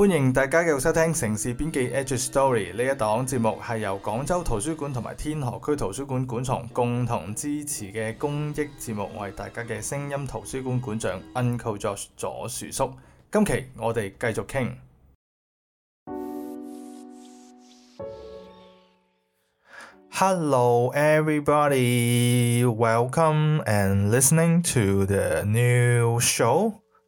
歡迎大家繼續收聽《城事邊記 Edge Story》呢一檔節目，係由廣州圖書館同埋天河區圖書館館藏共同支持嘅公益節目。我係大家嘅聲音圖書館館長 Uncle Josh 左樹叔。今期我哋繼續傾。Hello, everybody! Welcome and listening to the new show.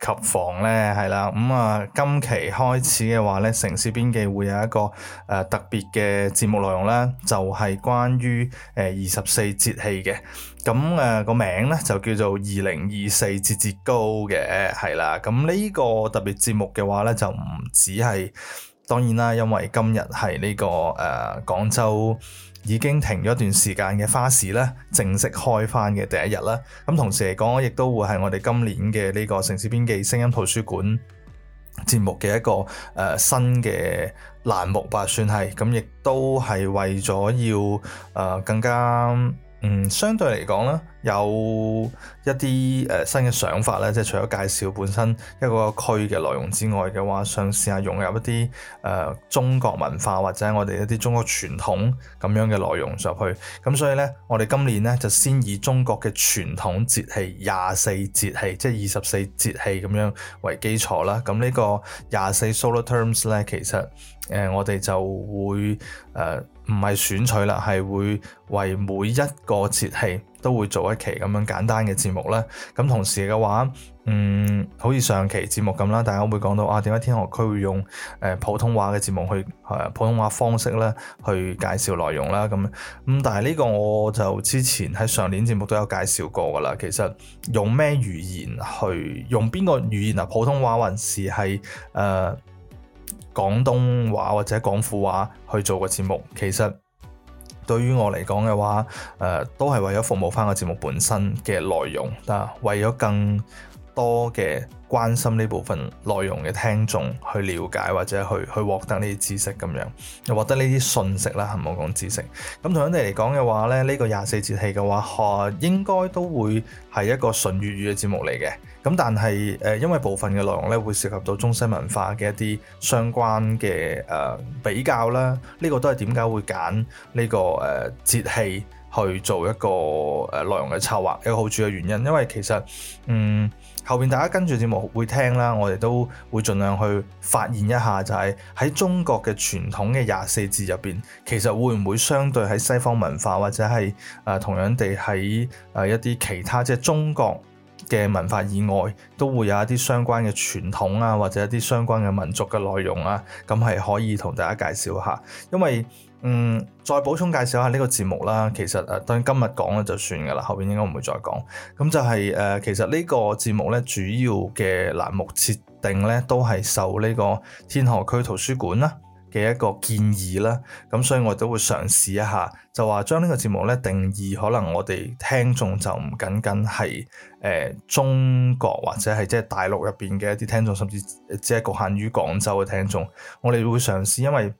及防咧，係啦，咁、嗯、啊，今期開始嘅話咧，城事邊記會有一個誒、呃、特別嘅節目內容咧，就係、是、關於誒、呃、二十四節氣嘅，咁誒個名咧就叫做二零二四節節高嘅，係啦，咁、嗯、呢、這個特別節目嘅話咧，就唔止係，當然啦，因為今日係呢個誒、呃、廣州。已經停咗一段時間嘅花市咧，正式開翻嘅第一日啦。咁同時嚟講，亦都會係我哋今年嘅呢個城事邊記聲音圖書館節目嘅一個誒、呃、新嘅欄目吧。算係咁，亦都係為咗要誒、呃、更加。嗯，相對嚟講咧，有一啲誒、呃、新嘅想法咧，即係除咗介紹本身一個區嘅內容之外嘅話，想試下融入一啲誒、呃、中國文化或者我哋一啲中國傳統咁樣嘅內容入去。咁所以咧，我哋今年咧就先以中國嘅傳統節氣廿四節氣，即係二十四節氣咁樣為基礎啦。咁呢個廿四 Solar Terms 咧，其實誒、呃、我哋就會誒。呃唔係選取啦，係會為每一個節氣都會做一期咁樣簡單嘅節目啦。咁同時嘅話，嗯，好似上期節目咁啦，大家會講到啊，點解天河區會用誒、呃、普通話嘅節目去、呃、普通話方式咧，去介紹內容啦。咁咁、嗯，但係呢個我就之前喺上年節目都有介紹過噶啦。其實用咩語言去用邊個語言啊？普通話還是係誒，呃廣東話或者廣府話去做個節目，其實對於我嚟講嘅話，誒、呃，都係為咗服務翻個節目本身嘅內容，嗱、啊，為咗更多嘅關心呢部分內容嘅聽眾去了解或者去去獲得呢啲知識咁樣，又獲得呢啲信息啦，係冇講知識。咁同樣哋嚟講嘅話咧，呢、這個廿四節氣嘅話，嗬、啊，應該都會係一個純粵語嘅節目嚟嘅。咁但係誒、呃，因為部分嘅內容咧會涉及到中西文化嘅一啲相關嘅誒、呃、比較啦，呢、這個都係點解會揀呢個誒節氣去做一個誒內、呃、容嘅策劃，一個好處嘅原因，因為其實嗯後邊大家跟住節目會聽啦，我哋都會盡量去發現一下，就係喺中國嘅傳統嘅廿四節入邊，其實會唔會相對喺西方文化或者係誒、呃、同樣地喺誒、呃、一啲其他即係中國。嘅文化以外，都會有一啲相關嘅傳統啊，或者一啲相關嘅民族嘅內容啊，咁係可以同大家介紹下。因為嗯，再補充介紹下呢個節目啦。其實誒、啊，當然今日講咗就算噶啦，後邊應該唔會再講。咁就係、是、誒、呃，其實個節呢個節目咧，主要嘅欄目設定咧，都係受呢個天河區圖書館啦。嘅一個建議啦，咁所以我都會嘗試一下，就話將呢個節目咧定義，可能我哋聽眾就唔僅僅係誒、呃、中國或者係即係大陸入邊嘅一啲聽眾，甚至只係局限於廣州嘅聽眾，我哋會嘗試，因為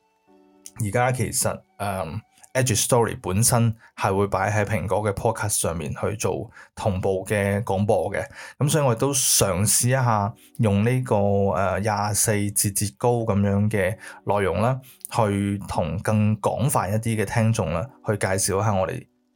而家其實誒。呃 Edge Story 本身係會擺喺蘋果嘅 Podcast 上面去做同步嘅廣播嘅，咁所以我哋都嘗試一下用呢個誒廿四節節高咁樣嘅內容啦，去同更廣泛一啲嘅聽眾啦，去介紹一下我哋。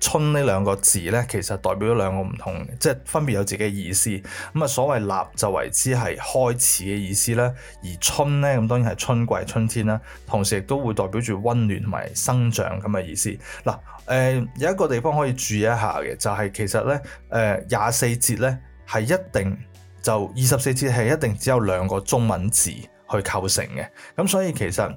春呢兩個字呢，其實代表咗兩個唔同，即係分別有自己嘅意思。咁啊，所謂立就為之係開始嘅意思啦，而春呢，咁當然係春季、春天啦，同時亦都會代表住溫暖同埋生長咁嘅意思。嗱，誒有一個地方可以注意一下嘅，就係其實呢，誒廿四節呢，係一定就二十四節係一定只有兩個中文字去構成嘅，咁所以其實。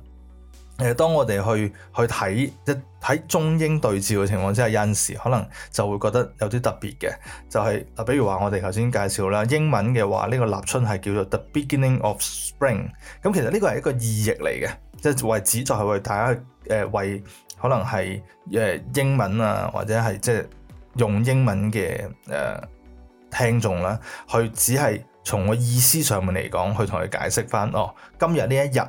誒，當我哋去去睇即喺中英對照嘅情況之下，有陣時可能就會覺得有啲特別嘅，就係、是、啊，比如話我哋頭先介紹啦，英文嘅話呢、這個立春係叫做 the Beginning of Spring。咁其實呢個係一個意譯嚟嘅，即、就、係、是、為指就係為大家誒、呃、為可能係誒英文啊，或者係即係用英文嘅誒、呃、聽眾啦、啊，去只係從個意思上面嚟講，去同佢解釋翻哦，今日呢一日，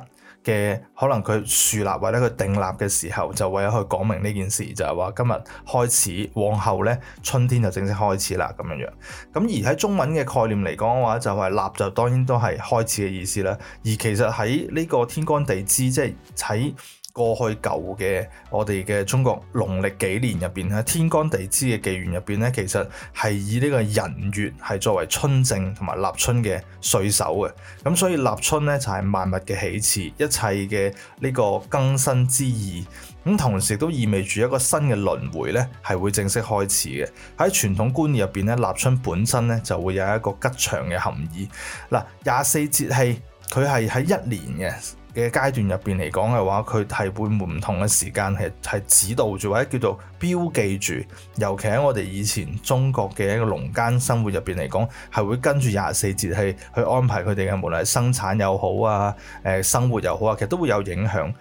嘅可能佢樹立或者佢定立嘅時候，就為咗去講明呢件事，就係話今日開始，往後呢春天就正式開始啦咁樣樣。咁而喺中文嘅概念嚟講嘅話，就係立就當然都係開始嘅意思啦。而其實喺呢個天干地支，即係喺。過去舊嘅我哋嘅中國農曆幾年入邊咧，天干地支嘅紀元入邊咧，其實係以呢個寅月係作為春正同埋立春嘅歲首嘅。咁所以立春咧就係、是、萬物嘅起始，一切嘅呢個更新之意。咁同時都意味住一個新嘅輪迴咧係會正式開始嘅。喺傳統觀念入邊咧，立春本身咧就會有一個吉祥嘅含義。嗱，廿四節氣佢係喺一年嘅。嘅階段入邊嚟講嘅話，佢係會唔同嘅時間係係指導住或者叫做標記住，尤其喺我哋以前中國嘅一個農耕生活入邊嚟講，係會跟住廿四節氣去安排佢哋嘅，無論係生產又好啊，誒、呃、生活又好啊，其實都會有影響。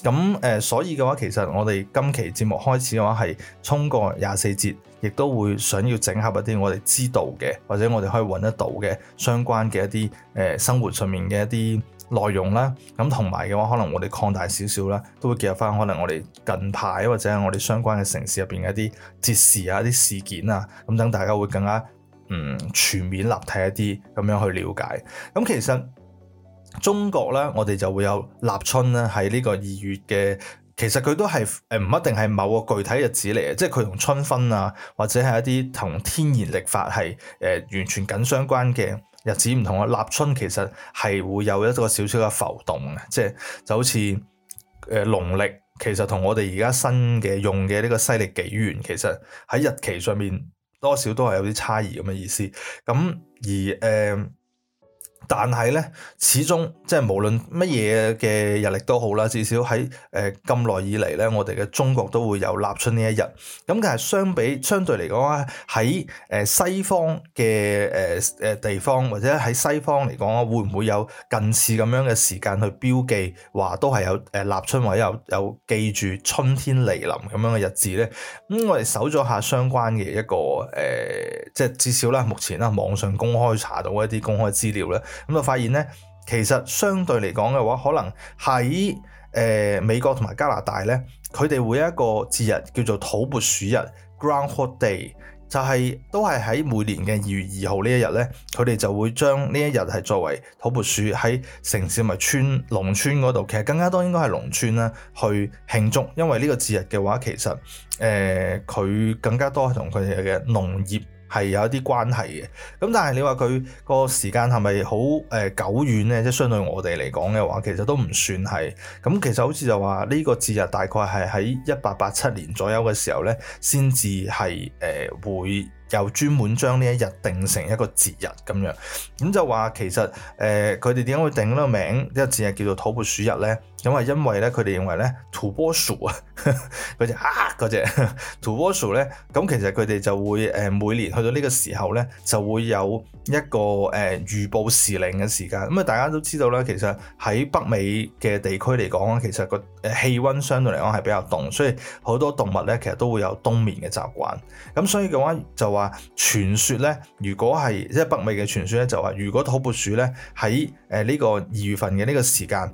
咁誒、呃，所以嘅話，其實我哋今期節目開始嘅話，係通過廿四節，亦都會想要整合一啲我哋知道嘅，或者我哋可以揾得到嘅相關嘅一啲誒、呃、生活上面嘅一啲內容啦，咁同埋嘅話，可能我哋擴大少少啦，都會記入翻可能我哋近排或者係我哋相關嘅城市入邊嘅一啲節事啊、一啲事件啊，咁等大家會更加嗯全面立體一啲咁樣去了解。咁、嗯、其實中國咧，我哋就會有立春咧，喺呢個二月嘅，其實佢都係誒唔一定係某個具體日子嚟嘅，即係佢同春分啊，或者係一啲同天然曆法係誒、呃、完全緊相關嘅。日子唔同啊！立春其實係會有一個少少嘅浮動嘅，即、就、係、是、就好似誒農曆，其實同我哋而家新嘅用嘅呢個西歷紀元，其實喺日期上面多少都係有啲差異咁嘅意思。咁而誒。呃但係咧，始終即係無論乜嘢嘅日曆都好啦，至少喺誒咁耐以嚟咧，我哋嘅中國都會有立春呢一日。咁但係相比相對嚟講咧，喺誒、呃、西方嘅誒誒地方或者喺西方嚟講，會唔會有近似咁樣嘅時間去標記，話都係有誒立春或者有有記住春天嚟臨咁樣嘅日子咧？咁、嗯、我哋搜咗下相關嘅一個誒、呃，即係至少啦，目前啦，網上公開查到一啲公開資料咧。咁就發現咧，其實相對嚟講嘅話，可能喺誒、呃、美國同埋加拿大咧，佢哋會有一個節日叫做土撥鼠日 （Groundhog Day），就係、是、都係喺每年嘅二月二號呢一日咧，佢哋就會將呢一日係作為土撥鼠喺城市同埋村農村嗰度，其實更加多應該係農村啦，去慶祝，因為呢個節日嘅話，其實誒佢、呃、更加多係同佢哋嘅農業。係有一啲關係嘅，咁但係你話佢個時間係咪好誒久遠呢？即係相對我哋嚟講嘅話，其實都唔算係。咁、嗯、其實好似就話呢、呢個節日大概係喺一八八七年左右嘅時候呢，先至係誒會。又專門將呢一日定成一個節日咁樣，咁就話其實誒佢哋點解會定呢個名，呢、這個節日叫做土撥鼠日咧？咁係因為咧佢哋認為咧土撥鼠啊，嗰隻啊嗰隻土撥鼠咧，咁、 那個 那個、其實佢哋就會誒、呃、每年去到呢個時候咧，就會有一個誒預、呃、報時令嘅時間。咁啊大家都知道啦，其實喺北美嘅地區嚟講啊，其實個誒氣温相對嚟講係比較凍，所以好多動物咧其實都會有冬眠嘅習慣。咁所以嘅話就話傳說咧，如果係即係北美嘅傳說咧，就話如果土撥鼠咧喺誒呢個二月份嘅呢個時間，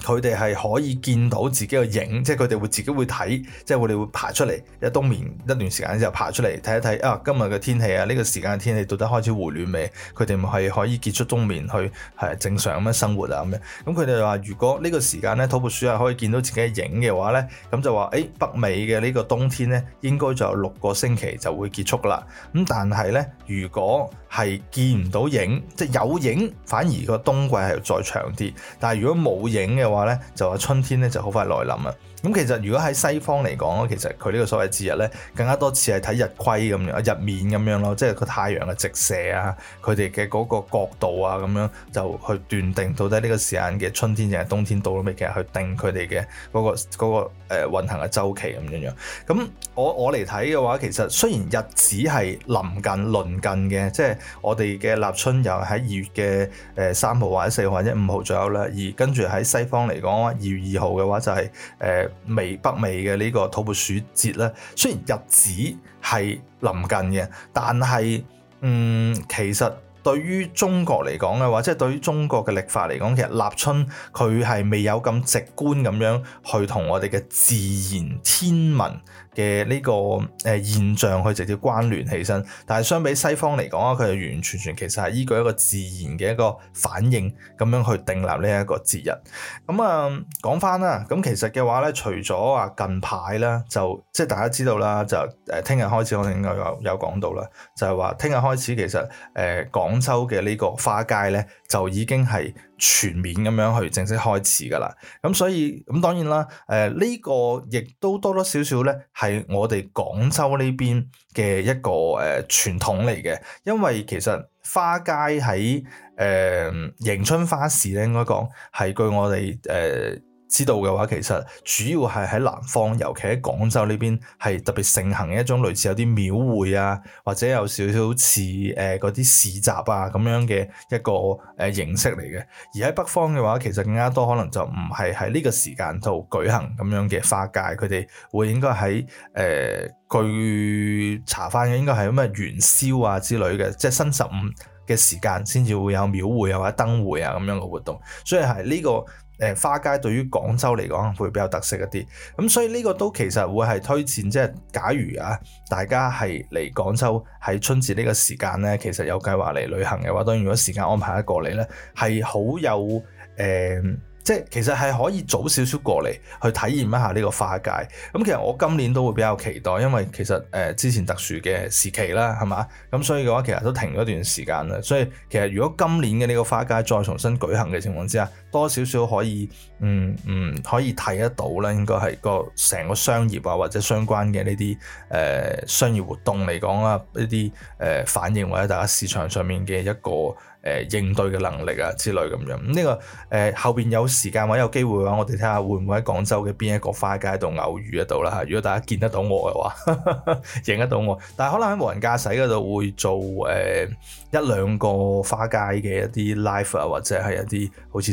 佢哋係可以見到自己嘅影，即係佢哋會自己會睇，即係我哋會爬出嚟，一冬眠一段時間之後爬出嚟睇一睇啊，今日嘅天氣啊，呢個時間嘅天氣到底開始回暖未？佢哋係可以結束冬眠去係正常咁樣生活啊咁樣。咁佢哋話如果呢個時間咧，土撥鼠啊可以見到自己嘅影嘅話咧，咁就話誒北美嘅呢個冬天咧應該就有六個星期就會結束啦。咁但係咧，如果係見唔到影，即係有影，反而個冬季係再長啲。但係如果冇影嘅話咧，就話春天咧就好快來臨啊。咁其實如果喺西方嚟講，其實佢呢個所謂節日咧，更加多似係睇日規咁樣，日面咁樣咯，即係個太陽嘅直射啊，佢哋嘅嗰個角度啊，咁樣就去斷定到底呢個時間嘅春天定係冬天到咗未？其實去定佢哋嘅嗰個嗰個誒運行嘅周期咁樣樣。咁我我嚟睇嘅話，其實雖然日子係臨近，鄰近嘅，即係。我哋嘅立春又喺二月嘅誒三號或者四號或者五號左右啦，而跟住喺西方嚟講，二月二號嘅話就係誒美北美嘅呢個土撥鼠節啦。雖然日子係臨近嘅，但係嗯，其實對於中國嚟講嘅話，即係對於中國嘅曆法嚟講，其實立春佢係未有咁直觀咁樣去同我哋嘅自然天文。嘅呢個誒現象去直接關聯起身，但係相比西方嚟講啊，佢係完完全全其實係依據一個自然嘅一個反應咁樣去訂立呢一個節日。咁、嗯、啊講翻啦，咁其實嘅話咧，除咗啊近排咧，就即係大家知道啦，就誒聽日開始我哋應該有有講到啦，就係話聽日開始其實誒、呃、廣州嘅呢個花街咧，就已經係全面咁樣去正式開始噶啦。咁、嗯、所以咁、嗯、當然啦，誒、呃、呢、呢個亦都多多少少咧。係我哋廣州呢邊嘅一個誒、呃、傳統嚟嘅，因為其實花街喺誒、呃、迎春花市咧，應該講係據我哋誒、呃知道嘅話，其實主要係喺南方，尤其喺廣州呢邊，係特別盛行嘅一種類似有啲廟會啊，或者有少少似誒嗰啲市集啊咁樣嘅一個誒、呃、形式嚟嘅。而喺北方嘅話，其實更加多可能就唔係喺呢個時間度舉行咁樣嘅花街，佢哋會應該喺誒、呃、據查翻嘅應該係咩元宵啊之類嘅，即係新十五嘅時間先至會有廟會啊、或者燈會啊咁樣嘅活動。所以係呢個。誒花街對於廣州嚟講會比較特色一啲，咁所以呢個都其實會係推薦，即係假如啊，大家係嚟廣州喺春節呢個時間呢，其實有計劃嚟旅行嘅話，當然如果時間安排得過嚟呢，係好有誒，即係其實係可以早少少過嚟去體驗一下呢個花街。咁其實我今年都會比較期待，因為其實誒之前特殊嘅時期啦，係嘛，咁所以嘅話其實都停咗段時間啦。所以其實如果今年嘅呢個花街再重新舉行嘅情況之下，多少少可以嗯嗯可以睇得到啦，應該係個成個商業啊或者相關嘅呢啲誒商業活動嚟講啊，呢啲誒反應或者大家市場上面嘅一個誒、呃、應對嘅能力啊之類，咁樣咁呢、這個誒、呃、後邊有時間或者有機會嘅話我哋睇下會唔會喺廣州嘅邊一個花街度偶遇得到啦。吓，如果大家見得到我嘅話 認得到我，但係可能喺無人駕駛度會做誒、呃、一兩個花街嘅一啲 live 啊，或者係一啲好似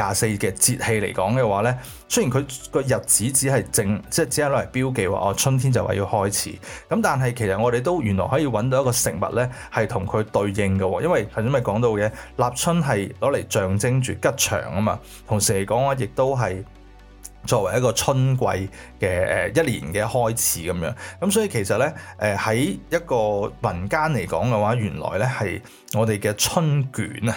廿四嘅節氣嚟講嘅話呢，雖然佢個日子只係正，即係只係攞嚟標記話哦，春天就話要開始。咁但係其實我哋都原來可以揾到一個食物呢，係同佢對應嘅。因為頭先咪講到嘅立春係攞嚟象徵住吉祥啊嘛。同時嚟講話，亦都係作為一個春季嘅誒一年嘅開始咁樣。咁所以其實呢，誒喺一個民間嚟講嘅話，原來呢係我哋嘅春卷。啊。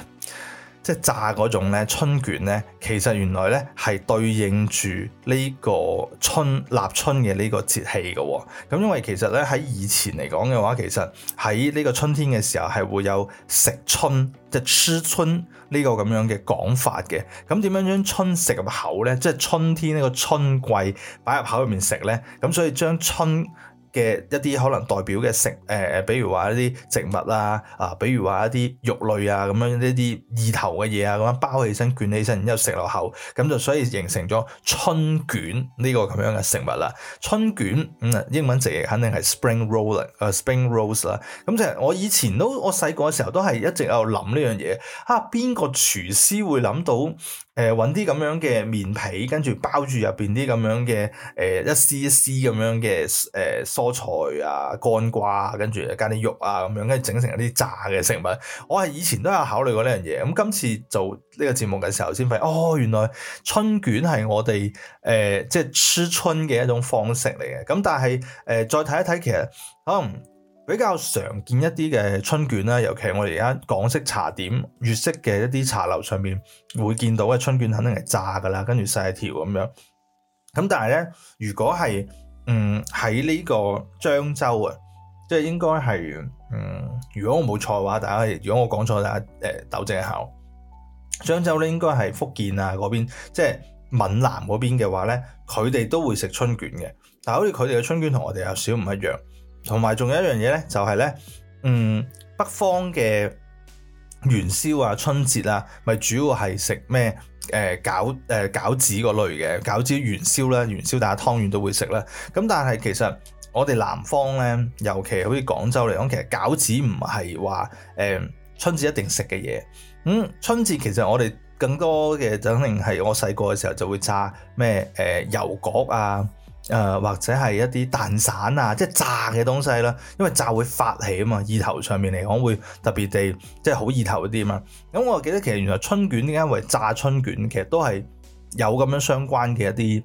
即係炸嗰種咧春卷咧，其實原來咧係對應住呢個春立春嘅呢個節氣嘅，哦。咁因為其實咧喺以前嚟講嘅話，其實喺呢個春天嘅時候係會有食春即係、就是、吃春呢個咁樣嘅講法嘅。咁點樣將春食入口咧？即係春天呢個春季擺入口入面食咧。咁所以將春嘅一啲可能代表嘅食誒、呃，比如話一啲植物啊，啊，比如話一啲肉類啊，咁樣呢啲意頭嘅嘢啊，咁樣包起身捲起身然之後食落口，咁就所以形成咗春卷呢個咁樣嘅食物啦。春卷咁啊、嗯，英文直譯肯定係 spring roll 啦、uh，spring rolls 啦。咁就我以前都我細個嘅時候都係一直喺度諗呢樣嘢，啊，邊個廚師會諗到？誒，搵啲咁樣嘅麵皮，跟住包住入邊啲咁樣嘅誒、呃，一絲一絲咁樣嘅誒、呃、蔬菜啊，乾瓜，跟住加啲肉啊，咁樣跟住整成一啲炸嘅食物。我係以前都有考慮過呢樣嘢，咁、嗯、今次做呢個節目嘅時候先發覺，哦，原來春卷係我哋誒、呃，即係吃春嘅一種方式嚟嘅。咁、嗯、但係誒、呃，再睇一睇，其實可能。比較常見一啲嘅春卷啦，尤其係我哋而家港式茶點、粵式嘅一啲茶樓上面，會見到嘅春卷，肯定係炸㗎啦，跟住細一條咁樣。咁但係咧，如果係嗯喺呢個漳州啊，即係應該係嗯，如果我冇錯嘅話，大家如果我講錯，大家誒、呃、糾正一下。漳州咧應該係福建啊嗰邊，即係閩南嗰邊嘅話咧，佢哋都會食春卷嘅，但係好似佢哋嘅春卷同我哋有少唔一樣。同埋仲有一樣嘢咧，就係、是、咧，嗯，北方嘅元宵啊、春節啊，咪主要係食咩？誒、呃、餃誒、呃、餃子嗰類嘅餃子元、啊、元宵啦、啊、元宵大家湯圓都會食啦、啊。咁但係其實我哋南方咧，尤其好似廣州嚟講，其實餃子唔係話誒春節一定食嘅嘢。嗯，春節其實我哋更多嘅，肯定係我細個嘅時候就會炸咩？誒、呃、油角啊！誒、呃、或者係一啲蛋散啊，即係炸嘅東西啦、啊，因為炸會發起啊嘛，意頭上面嚟講會特別地即係好意頭啲啊嘛。咁我記得其實原來春卷點解為炸春卷，其實都係有咁樣相關嘅一啲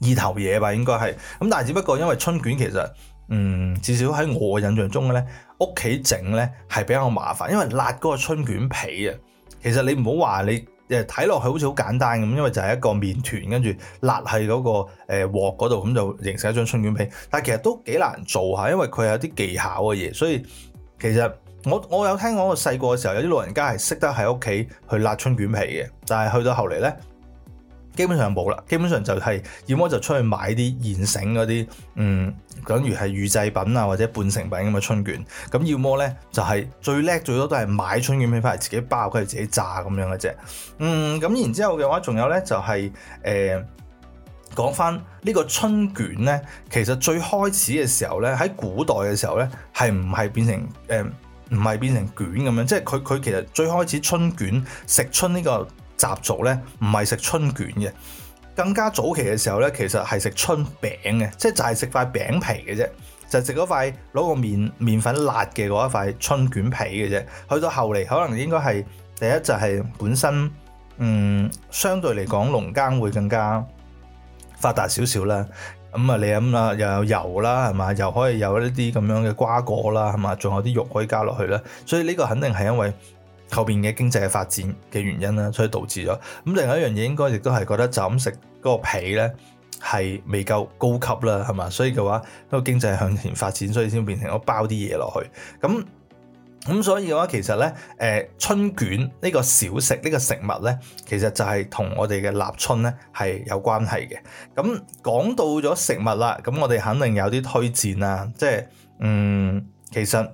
意頭嘢吧，應該係。咁但係只不過因為春卷其實，嗯，至少喺我印象中呢，屋企整呢係比較麻煩，因為辣嗰個春卷皮啊，其實你唔好話你。誒睇落去好似好簡單咁，因為就係一個麵團跟住辣喺嗰個誒鑊嗰度，咁就形成一張春卷皮。但係其實都幾難做嚇，因為佢有啲技巧嘅嘢。所以其實我我有聽講，我細個嘅時候有啲老人家係識得喺屋企去辣春卷皮嘅，但係去到後嚟咧。基本上冇啦，基本上就係，要麼就出去買啲現成嗰啲，嗯，等於係預製品啊或者半成品咁嘅春卷，咁、嗯、要麼咧就係、是、最叻最多都係買春卷皮翻嚟自己包，跟住自己炸咁樣嘅啫。嗯，咁然之後嘅話，仲有咧就係、是，誒、呃，講翻呢個春卷咧，其實最開始嘅時候咧，喺古代嘅時候咧，係唔係變成，誒、呃，唔係變成卷咁樣，即係佢佢其實最開始春卷食春呢、這個。習俗咧唔係食春卷嘅，更加早期嘅時候咧，其實係食春餅嘅，即係就係食塊餅皮嘅啫，就係食嗰塊攞個麵、麵粉辣嘅嗰一塊春卷皮嘅啫。去到後嚟，可能應該係第一就係本身，嗯，相對嚟講農耕會更加發達少少啦。咁、嗯、啊，你諗啊，又有油啦，係嘛，又可以有一啲咁樣嘅瓜果啦，係嘛，仲有啲肉可以加落去啦。所以呢個肯定係因為。後邊嘅經濟嘅發展嘅原因啦，所以導致咗。咁另外一樣嘢應該亦都係覺得就咁食嗰個皮咧，係未夠高級啦，係嘛？所以嘅話，個經濟向前發展，所以先變成咗包啲嘢落去。咁咁所以嘅話，其實咧，誒春卷呢個小食呢個食物咧，其實就係同我哋嘅立春咧係有關係嘅。咁講到咗食物啦，咁我哋肯定有啲推薦啦。即係，嗯，其實。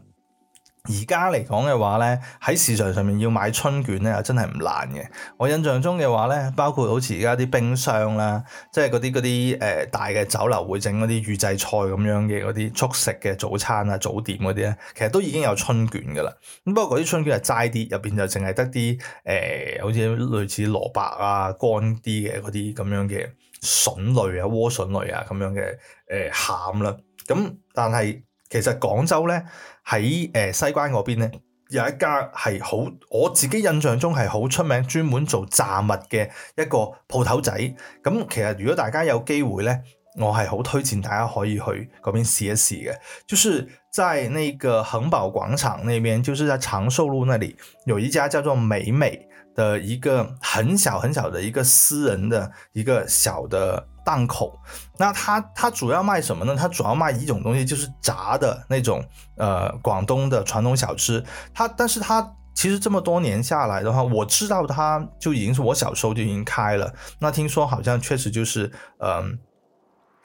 而家嚟講嘅話咧，喺市場上面要買春卷咧，又真係唔難嘅。我印象中嘅話咧，包括好似而家啲冰箱啦，即係嗰啲嗰啲誒大嘅酒樓會整嗰啲預製菜咁樣嘅嗰啲速食嘅早餐啊、早點嗰啲咧，其實都已經有春卷噶啦。咁不過嗰啲春卷係齋啲，入邊就淨係得啲誒，好似類似蘿蔔啊、乾啲嘅嗰啲咁樣嘅筍，筍類啊、萵筍類啊咁樣嘅誒、呃、餡啦。咁但係。其實廣州咧，喺誒西關嗰邊咧，有一家係好，我自己印象中係好出名，專門做炸物嘅一個鋪頭仔。咁、嗯、其實如果大家有機會咧～我係好推薦大家可以去嗰邊試一試嘅，就是在那個恒寶廣場那邊，就是在長壽路那裡有一家叫做美美的，一個很小很小的，一個私人的一個小的檔口。那它它主要賣什麼呢？它主要賣一種東西，就是炸的那種，呃，廣東的傳統小吃。它，但是它其實這麼多年下來的話，我知道它就已經是我小時候就已經開了。那聽說好像確實就是，嗯。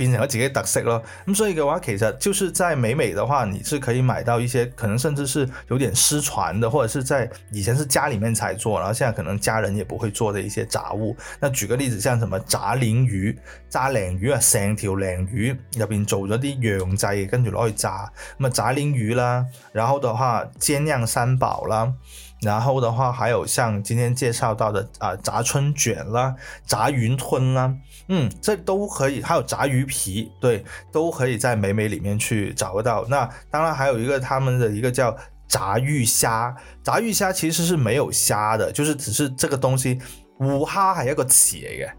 變成了自己的特色咯。咁、嗯、所以嘅話其實就是在美美的話，你是可以買到一些可能甚至是有點失傳的，或者是在以前是家裡面才做，然後現在可能家人也不會做的一些炸物。那舉個例子，像什麼炸鯪魚、炸鯪魚啊，成條鯪魚入邊做咗啲釀製，跟住攞去炸。咁啊，炸鯪魚啦，然後的話煎釀三寶啦，然後的話還有像今天介紹到的啊，炸春卷啦，炸雲吞啦。嗯，即都可以，還有炸魚皮，對，都可以在美美裏面去找得到。那當然還有一個他們的一個叫炸魚蝦，炸魚蝦其實是沒有蝦的，就是只是這個東西，糊蝦係一個詞嚟嘅，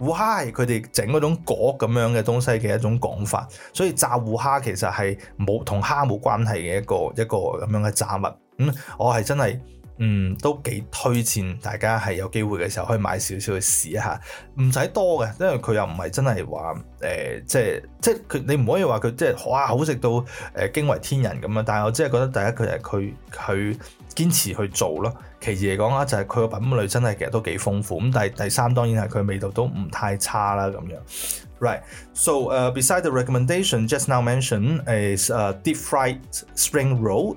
糊蝦係佢哋整嗰種果咁樣嘅東西嘅一種講法，所以炸糊蝦其實係冇同蝦冇關係嘅一個一個咁樣嘅炸物。嗯，我係真係。嗯，都幾推薦大家係有機會嘅時候可以買少少去試一下，唔使多嘅，因為佢又唔係真係話誒，即係即係佢你唔可以話佢即係哇好食到誒、呃、驚為天人咁樣。但係我真係覺得第一佢係佢佢堅持去做咯，其次嚟講啊就係佢個品類真係其實都幾豐富咁，但係第三當然係佢味道都唔太差啦咁樣。Right, so 誒、uh, beside the recommendation just now mentioned is a deep fried spring roll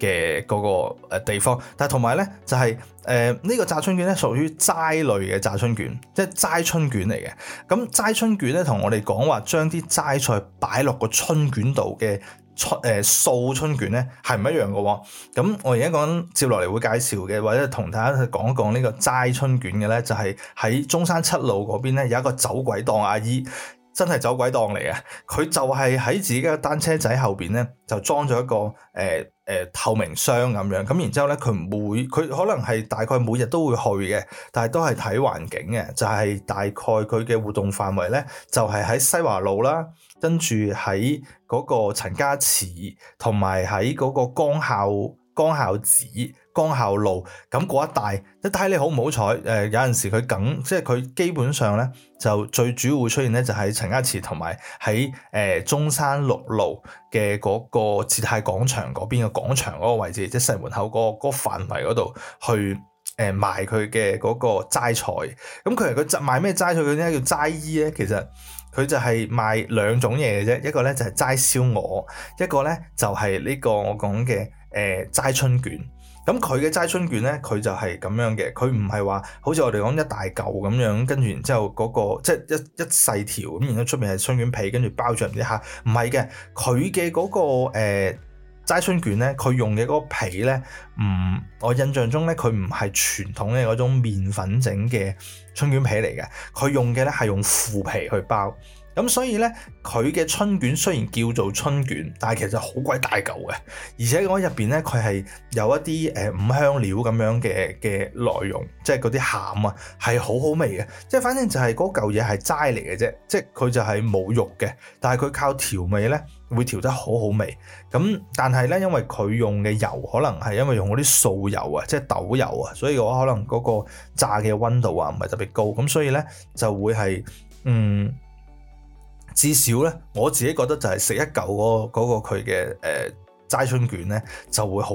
嘅嗰個地方，但係同埋咧就係誒呢個炸春卷咧屬於齋類嘅炸春卷，即係齋春卷嚟嘅。咁、嗯、齋春卷咧同我哋講話將啲齋菜擺落個春卷度嘅春誒素春卷咧係唔一樣嘅喎。咁、嗯、我而家講接落嚟會介紹嘅，或者同大家去講一講呢個齋春卷嘅咧，就係、是、喺中山七路嗰邊咧有一個走鬼檔阿姨，真係走鬼檔嚟嘅。佢就係喺自己嘅單車仔後邊咧就裝咗一個誒。呃誒透明箱咁樣，咁然之後呢，佢每佢可能係大概每日都會去嘅，但係都係睇環境嘅，就係大概佢嘅活動範圍呢，就係喺西華路啦，跟住喺嗰個陳家祠，同埋喺嗰個光孝。光孝寺、光孝路咁嗰一帶，但係你好唔好彩？誒、呃、有陣時佢梗即係佢基本上咧就最主要會出現咧就喺陳家祠同埋喺誒中山六路嘅嗰個捷泰廣場嗰邊嘅廣場嗰個位置，即係西門口嗰、那個嗰、那個、範圍嗰度去誒、呃、賣佢嘅嗰個齋菜。咁佢佢賣咩齋菜佢點解叫齋衣咧，其實佢就係賣兩種嘢嘅啫，一個咧就係、是、齋燒鵝，一個咧就係、是、呢個我講嘅。誒、呃、齋春卷，咁佢嘅齋春卷呢，佢就係咁樣嘅，佢唔係話好似我哋講一大嚿咁樣，跟住然之後嗰、那個即係一一細條咁，然之後出面係春卷皮，跟住包住一下，唔係嘅，佢嘅嗰個誒、呃、齋春卷呢，佢用嘅嗰皮呢，唔、嗯，我印象中呢，佢唔係傳統嘅嗰種麵粉整嘅春卷皮嚟嘅，佢用嘅呢係用腐皮去包。咁所以呢，佢嘅春卷雖然叫做春卷，但係其實好鬼大嚿嘅，而且我入邊呢，佢係有一啲誒五香料咁樣嘅嘅內容，即係嗰啲餡啊，係好好味嘅。即係反正就係嗰嚿嘢係齋嚟嘅啫，即係佢就係冇肉嘅，但係佢靠調味呢會調得好好味。咁但係呢，因為佢用嘅油可能係因為用嗰啲素油啊，即係豆油啊，所以嘅話可能嗰個炸嘅溫度啊唔係特別高，咁所以呢，就會係嗯。至少呢，我自己覺得就係食一嚿嗰嗰個佢嘅、呃、齋春卷呢，就會好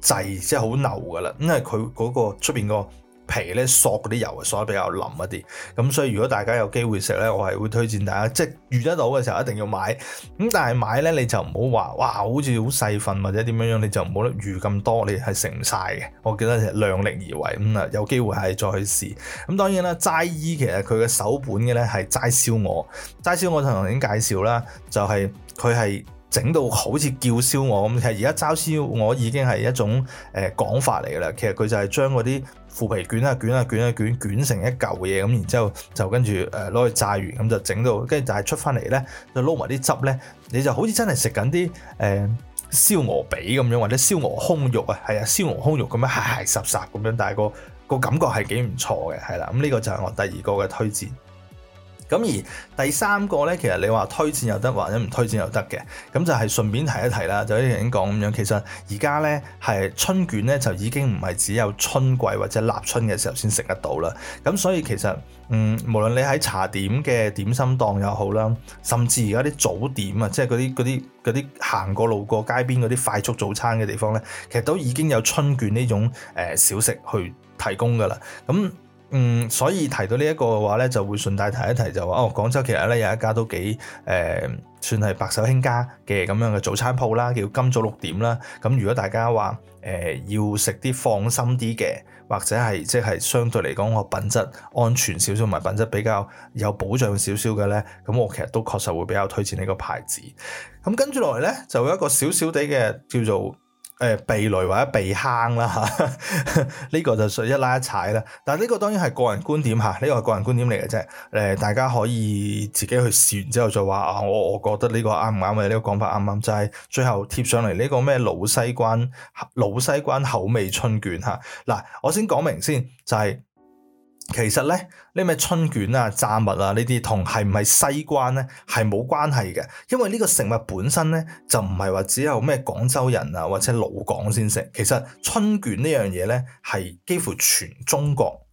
滯，即係好膩㗎喇，因為佢嗰個出面個皮咧索啲油啊，索得比較腍一啲咁，所以如果大家有機會食咧，我係會推薦大家即係遇得到嘅時候一定要買咁。但係買咧你就唔好話哇，好似好細份或者點樣樣，你就冇得預咁多，你係食唔晒嘅。我記得量力而為咁啊，有機會係再去試咁。當然啦，齋衣其實佢嘅首本嘅咧係齋燒鵝，齋燒鵝我同頭先介紹啦，就係佢係整到好似叫燒鵝咁。其實而家齋燒鵝已經係一種誒講法嚟噶啦。其實佢就係將嗰啲，腐皮捲啊捲啊捲啊捲，捲成一嚿嘢咁，然之後就跟住誒攞去炸完，咁就整到，跟住就係出翻嚟咧，就撈埋啲汁咧，你就好似真係食緊啲誒燒鵝髀咁樣，或者燒鵝胸肉啊，係啊，燒鵝胸肉咁樣，係係實實咁樣，但係個個感覺係幾唔錯嘅，係啦，咁呢個就係我第二個嘅推薦。咁而第三個咧，其實你話推薦又得，或者唔推薦又得嘅，咁就係順便提一提啦，就已經講咁樣。其實而家咧係春卷咧，就已經唔係只有春季或者立春嘅時候先食得到啦。咁所以其實嗯，無論你喺茶點嘅點心檔又好啦，甚至而家啲早點啊，即係嗰啲啲啲行過路過街邊嗰啲快速早餐嘅地方咧，其實都已經有春卷呢種誒、呃、小食去提供噶啦。咁嗯，所以提到呢一個嘅話咧，就會順帶提一提就話哦，廣州其實咧有一家都幾誒、呃、算係白手興家嘅咁樣嘅早餐鋪啦，叫今早六點啦。咁如果大家話誒、呃、要食啲放心啲嘅，或者係即係相對嚟講個品質安全少少，同埋品質比較有保障少少嘅咧，咁我其實都確實會比較推薦個呢個牌子。咁跟住落嚟咧，就有一個少少啲嘅叫做。誒、呃、避雷或者避坑啦嚇，呢、呢個就一拉一踩啦。但係呢個當然係個人觀點吓。呢、啊呢個係個人觀點嚟嘅啫。誒、呃，大家可以自己去試完之後再話啊，我我覺得呢個啱唔啱嘅呢個講法啱唔啱？就係最後貼上嚟呢個咩老西關老西關口味春卷嚇。嗱、啊，我先講明先，就係、是。其實呢呢咩春卷啊、炸物啊這些是是呢啲，同係唔係西關呢係冇關係嘅，因為呢個食物本身呢就唔係話只有咩廣州人啊或者老廣先食，其實春卷這呢樣嘢呢係幾乎全中國。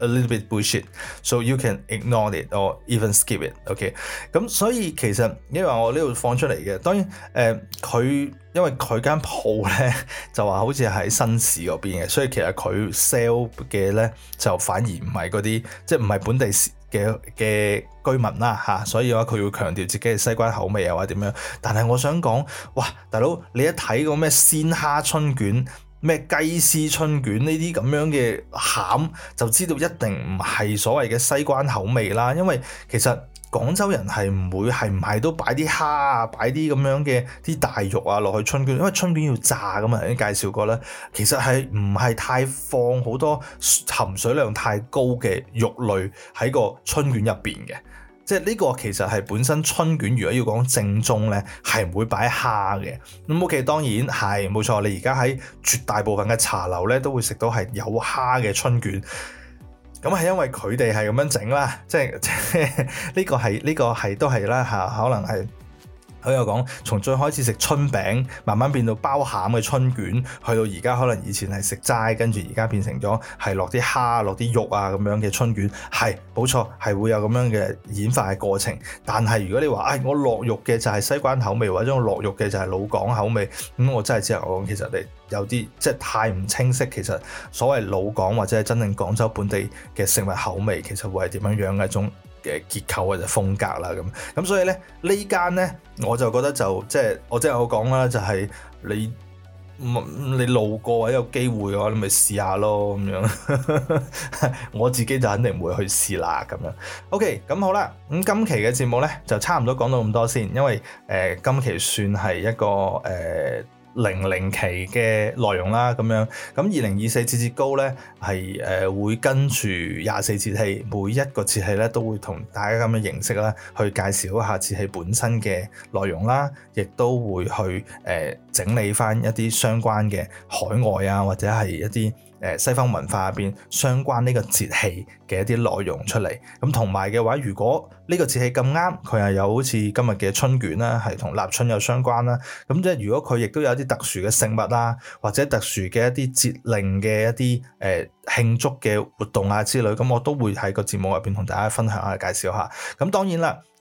A little bit bullshit，so you can ignore it or even skip it okay? OK，咁所以其實因為我呢度放出嚟嘅，當然誒佢、呃、因為佢間鋪咧就話好似喺新市嗰邊嘅，所以其實佢 sell 嘅咧就反而唔係嗰啲即係唔係本地嘅嘅居民啦吓、啊，所以嘅話佢會強調自己嘅西關口味啊或者點樣。但係我想講，哇大佬，你一睇個咩鮮蝦春卷。咩雞絲春卷呢啲咁樣嘅餡，就知道一定唔係所謂嘅西關口味啦。因為其實廣州人係唔會係唔係都擺啲蝦啊，擺啲咁樣嘅啲大肉啊落去春卷，因為春卷要炸㗎嘛。已經介紹過啦，其實係唔係太放好多含水量太高嘅肉類喺個春卷入邊嘅。即係呢個其實係本身春卷，如果要講正宗咧，係唔會擺蝦嘅。咁 OK，當然係冇錯。你而家喺絕大部分嘅茶樓咧，都會食到係有蝦嘅春卷。咁係因為佢哋係咁樣整啦，即係呢 個係呢、呢個係都係啦嚇，可能係。佢又講，從最開始食春餅，慢慢變到包餡嘅春卷，去到而家可能以前係食齋，跟住而家變成咗係落啲蝦、落啲肉啊咁樣嘅春卷，係冇錯，係會有咁樣嘅演化嘅過程。但係如果你話，唉、哎，我落肉嘅就係西關口味，或者我落肉嘅就係老廣口味，咁我真係只能講，我其實你有啲即係太唔清晰。其實所謂老廣，或者係真正廣州本地嘅食物口味，其實會係點樣樣嘅一種嘅結構或者風格啦咁，咁所以咧，呢間咧，我就覺得就即係我即係我講啦，就係、是、你你路過或者有機會嘅話，你咪試下咯咁樣。 我自己就肯定唔會去試啦咁樣。OK，咁好啦，咁今期嘅節目咧就差唔多講到咁多先，因為誒、呃、今期算係一個誒。呃零零期嘅內容啦，咁樣。咁二零二四節節 Go 呢係誒、呃、會跟住廿四節氣，每一個節氣呢都會同大家咁嘅形式啦，去介紹一下節氣本身嘅內容啦，亦都會去誒、呃、整理翻一啲相關嘅海外啊，或者係一啲。誒西方文化入邊相關呢個節氣嘅一啲內容出嚟，咁同埋嘅話，如果呢個節氣咁啱，佢又有好似今日嘅春卷啦，係同立春有相關啦，咁即係如果佢亦都有啲特殊嘅食物啦，或者特殊嘅一啲節令嘅一啲誒、呃、慶祝嘅活動啊之類，咁我都會喺個節目入邊同大家分享下介紹下，咁當然啦。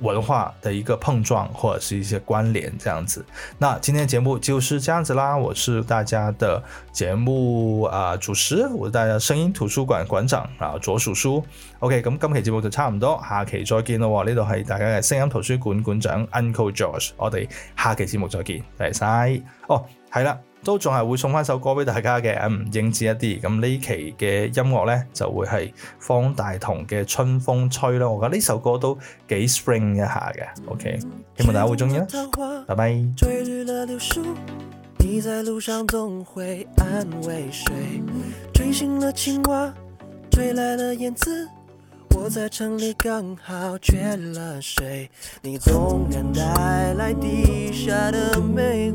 文化的一個碰撞或者是一些關聯，這樣子。那今天的節目就是這樣子啦，我是大家的節目啊、呃、主持，我是大家聲音圖書館館長啊左叔叔。OK，咁、嗯、今期節目就差唔多，下期再見咯。呢度係大家嘅聲音圖書館館長 Uncle George，我哋下期節目再見，再見。哦，係啦。都仲係會送翻首歌俾大家嘅，咁、嗯、應節一啲。咁呢期嘅音樂呢，就會係方大同嘅《春風吹》囉。我覺得呢首歌都幾 spring 一下嘅，OK。希望大家會中意啦。拜拜。Bye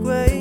bye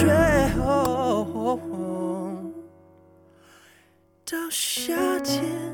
最後火火到夏天。